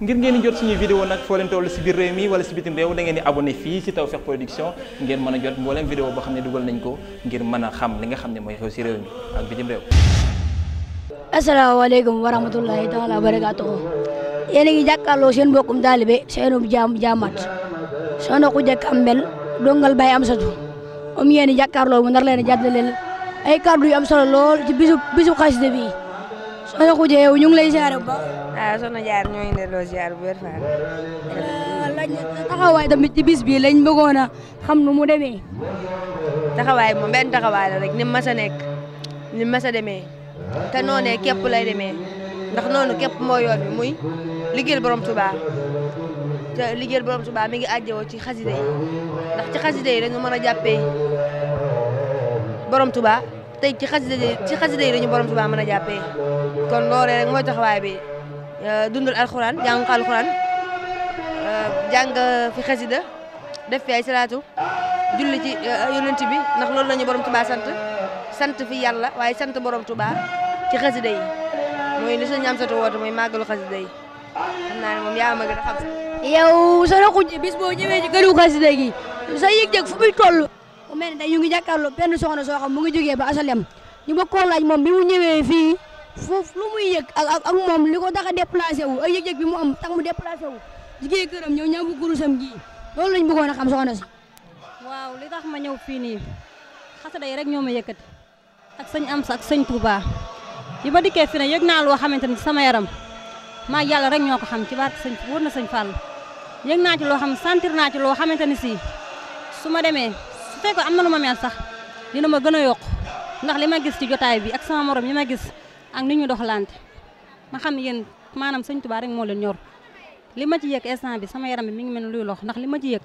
ngir ngeen di jot suñuy vidéo nag foo leen toll si biir réew mi wala si bitim réew da ngeen di abonné fii si Tawfekh Production ngeen mën a jot mbooleem vidéo boo xam ne dugal nañ ko ngir mën a xam li nga xam ne mooy xew si réew mi ak bitim réew asalaamaaleykum wa rahmatullahi taala wa barakatuhu yéen a ngi jàkkaarloo seen mbokkum taalibe seenub jaam jaamat soxna ku jëkk am mbel dongal bay am satu am yéen i jàkkaarloo mu nar leen a jàddaleel ay kàddu yu am solo lool ci bisu ana xuja yow ñu ngi lay ziar bu baax. ah soxna jaar ñoo ngi delloo ziar bu wér faal. Ah, taxawaay tamit ci bis bi lañ bëggoon a xam nu mu demee. taxawaay moom benn taxawaay la rek ni mas nekk ni mas a demee te noonee képp lay demee ndax noonu képp moo yoon bi muy liggéeyal borom Tuubaa liggéel liggéeyal borom Tuubaa mi ngi àjjewoo ci xasida yi ndax ci xasida yi dañu mën a jàppee borom Tuubaa tey ci xasida ci xasida yi dañu borom Tuubaa mën a jàppee kon loolee rek mooy taxawaay bi euh, dundal alxuraan jàng alxuraan euh, jàng fi xasida def fi ay salaatu julli ci euh, yonent bi ndax loolu lañu ñu borom Tuubaa sant sant fi yàlla waaye sant borom Tuubaa ci xasida yi mooy li sëñ am soto woote mooy màggalu xasida yi xam naa ne moom yaa ma gën a xam sax yow sa raqu bis boo ñëwee mu mel ni tey ñu jàkkaarloo benn soxna soo xam mu ngi jógee ba asalem ñu bëgg koo laaj moom bi mu ñëwee fii foofu lu muy yëg ak moom li ko tax a déplacé wu ak yëg-yëg mu am tax mu déplacé wu jigéen këram ñëw ñamu kurusam gi loolu lañ bëggoon a xam soxna si waaw li tax ma ñëw fii nii xasida yi rek ñoo ma yëkkati ak sëñ am sa ak sëñ Touba yi ma dikkee fi ne yëg naa loo xamante ni sama yaram maa yàlla rek ñoo ko xam ci barke sëñ wër na sëñ Fall yëg naa ci loo xam sentir naa ci loo xamante ni si su ma demee su am na lu ma mel sax dina ma gën a yokk ndax li ma gis ci jotaay bi ak sama moroom yi ma gis ak ni ñu lant ma xam yéen maanaam sëñ Tuubaa rek moo leen ñor li ma ci yëg instant bi sama yaram bi mi ngi mel luy lox ndax li ma ci yëg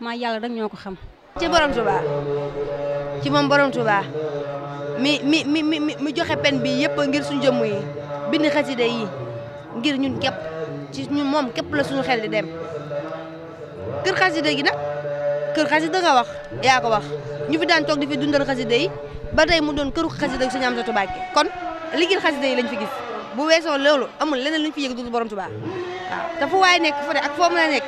ma yàlla rek ñoo ko xam. ci borom Tuubaa ci mi mi mi mi joxe pen bi yëpp ngir suñu jëmm yi bind xasida yi ngir ñun képp ci ñun moom képp la suñu xel di dem kër xasida gi nag. kër xasida nga wax yaa ko wax ñu fi daan toog di fi dundal xasida yi ba tey mu doon këru xasida ak Sëriñ Amsatu Mbàkke kon liggéey xasida yi lañ fi gis bu weesoo loolu amul leneen luñ fi yëg dul borom Tuubaa waaw te fu waay nekk fu ne ak foo mën a nekk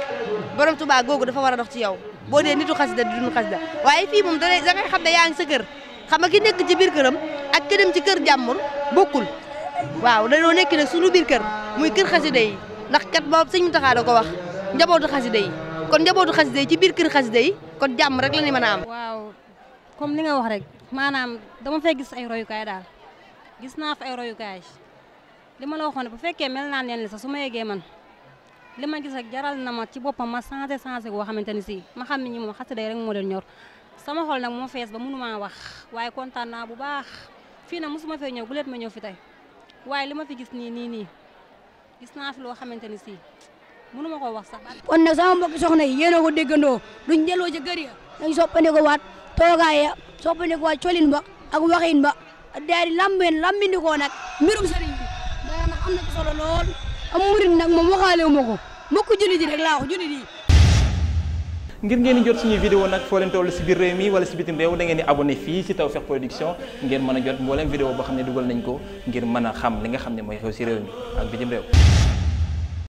borom Tuubaa googu dafa war a dox ci yow boo dee nitu xasida di dund xasida waaye fii moom da ngay xam ne yaa ngi sa kër xam nga ki nekk ci biir këram ak ki dem ci kër jàmbur bokkul waaw dañoo nekk nag suñu biir kër muy kër xasida day ndax kat bo sëñ mu taxaa da ko wax njabootu xasida yi kon njabootu xasida yi ci biir kër xasida yi kon jàmm rek la ñu mën waaw comme li nga wax rek maanaam dama fay gis ay royukaay daal gis naa fa ay royukaay li ma la waxoon bu fekkee mel naa leen su ma yeggee man li ma gis rek jaral na ma ci boppam ma changé changé boo xamante ni si ma xam ne ñi moom xasida yi rek moo leen ñor sama xol nag moo fees ba mënumaa wax waaye kontaan naa bu baax fii nag mosuma fee ñëw bu leet ma ñëw fi tey waaye li ma fi gis nii nii nii gis naa loo xamante ni si. mënu ma koo wax sax. kon nag sama mbokki soxna yi yéen ko déggandoo duñ delloo ca kër ya dañ soppandiku waat toogaay ya soppandiku waat colin ba ak waxin ba ak di lambeen lambindikoo nag mbirum sëriñ bi daa nag na ci solo lool am murit nag moom ko mbokku jullit yi laa wax jullit yi ngir ngeen di jot suñuy vidéo nag foo leen toll si biir réew mi wala si bitim réew da ngeen di abonné fii si Tawfekh Production ngeen mën a jot mbooleem vidéo boo xam ne dugal nañ ko ngir mën a xam li nga xam ne mooy xew si réew mi ak bitim réew